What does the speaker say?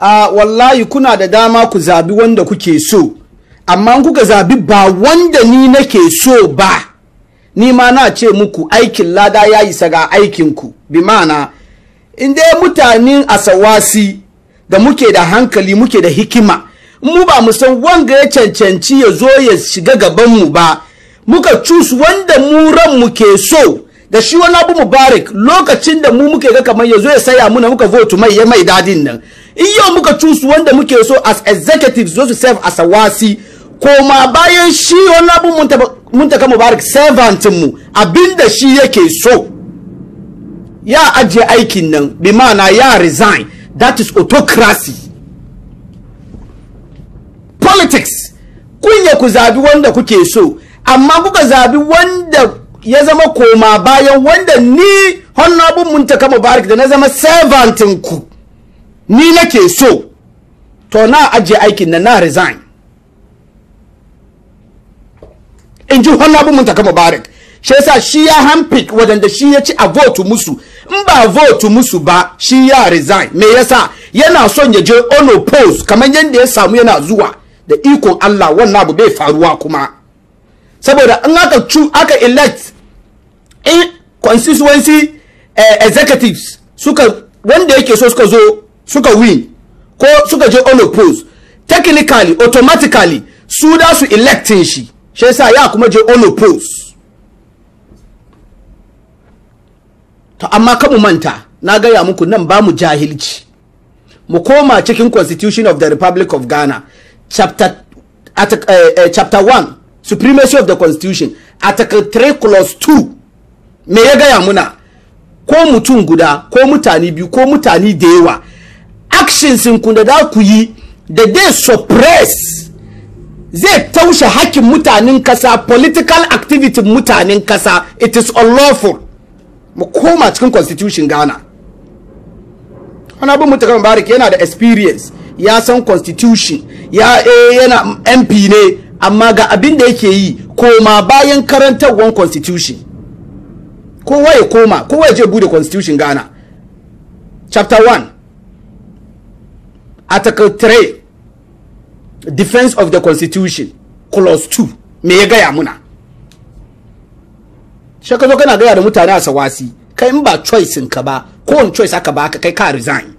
A wallahi kuna da dama ku zabi wanda kuke so amma kuka zabi ba wanda ni nake so ba ni ma na ce muku aikin lada ya isa ga aikinku bi ma'ana inda mutanen asawasi da muke da hankali muke da hikima mu ba mu san wanga ya cancanci ya zo ya shiga gaban mu ba muka cus wanda mu mu ke so da shi wani abu mubarak lokacin da mu muke ga kamar ya zo ya saya muna muka vote mai ya mai dadin nan in yau muka cus wanda muke so as executives zo su serve asawasi koma bayan shi wani abu mun taba muntaka mubarak mu abinda shi yake so ya ajiye aikin nan bi mana ya resign that is autocracy politics kun ya ku zabi wanda kuke so amma kuka zabi wanda ya zama koma bayan wanda ni honorable muntaka mubarak da na zama servantin ku ni nake so to na ajiye aikin nan na resign in ji honorable muntaka mubarak shi yasa shi ya hampik wadanda shi ya ci a vote musu in ba vote musu ba shi ya resign me yasa yana son ya je unopposed kamar yadda ya samu yana zuwa da ikon Allah wannan abu bai faruwa kuma saboda in aka chu aka elect in constituency eh, executives suka wanda yake so suka zo suka win ko suka je unopposed technically automatically su da su electing shi she sa ya kuma je onopos to amma ka mu manta na gaya muku nan ba mu jahilci mu koma cikin constitution of the republic of ghana chapter at, uh, uh, chapter 1 supremacy of the constitution article 3 clause 2 me ya gaya muna ko mutum guda ko mutane biyu ko mutane da yawa actions kun da za ku yi da dai suppress zai taushe hakkin mutanen kasa political activity mutanen kasa it is unlawful mu koma cikin constitution ghana wani abin mutakar mubarak yana da experience ya san constitution ya eh, yana mp ne amma ga abin da yake yi koma bayan karantarwar constitution kowa ya koma kowa ya je bude constitution ghana chapter 1 article 3 defense of the constitution clause 2 me ya gaya muna shaka zo kana gaya da mutane a sawasi kai in ba choice ka ba kowane choice aka ka kai ka resign